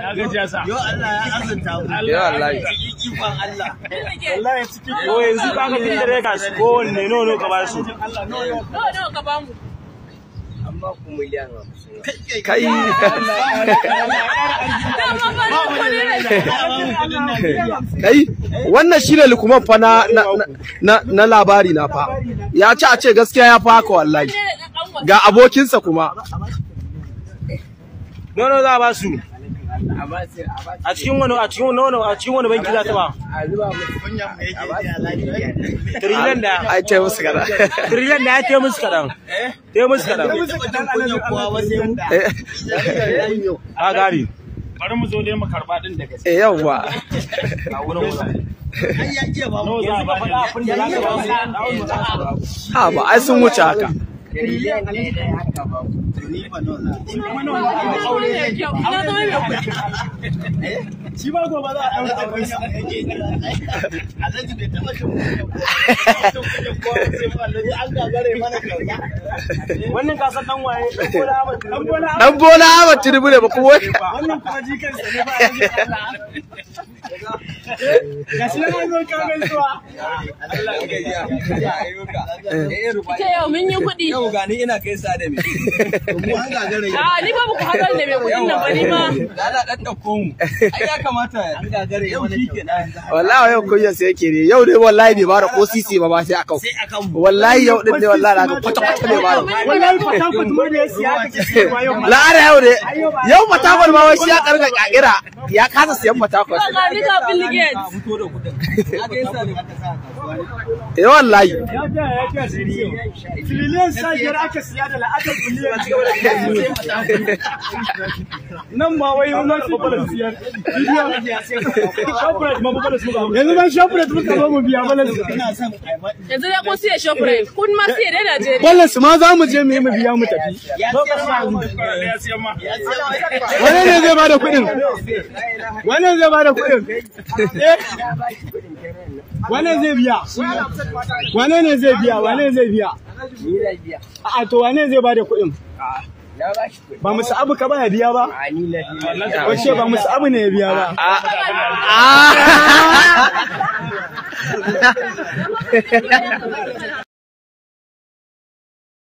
Yo Allah ya azanta mu. Yo Allah. Ikon Allah. Wallahi cikin yo yanzu ka ga tun dare ka shi kowanne no no ka ba su. No no ka ba mu. Amma ku miliyan Kai. Kai. Wannan shine lukuman fa na na labari na fa. Ya ci a ce gaskiya ya fa haka wallahi. Ga abokinsa kuma. Nono za ba su. a cikin wani a cikin wani a cikin wani banki za ta ba trillion da a ce musu kadan trillion da ya ce musu kadan te musu kadan a gari bari mu zo ne mu karba din da gaske eh yawwa a wurin wurin Ha ba ai sun wuce haka. Biliyan ne da ya haka ba. Ni ba nuna. Ina zama mai kuɗi. shi ma gobe ba wannan kuma da ah, ba ku da ba ni ma roƙon mu ya kamata yau shi kenan wallahi yau kunya sai yake ne yau dai wallahi bai bara ko sisi ba ba sai akan sai akan wallahi yau din ne wallahi na kwata kwata bai bara wallahi kwata kwata ne siyasa ke yau la'ara yau ne yau mata ma wai siya ya karga kakira ya kasa siyan matakwas eh wallahi aka siya da la'adar nan ma wai bala shopret ma ko siya shopret eh. kun ma siya da bala mu biya mu tafi wani ne zai bada kuɗin wannan zai bada kuɗin wannan zai biya Wannan ne zai biya wannan zai biya a to wannan zai bada kuɗin ba musu abu ka ba ya biya ba wace ba musu abu ne ya biya ba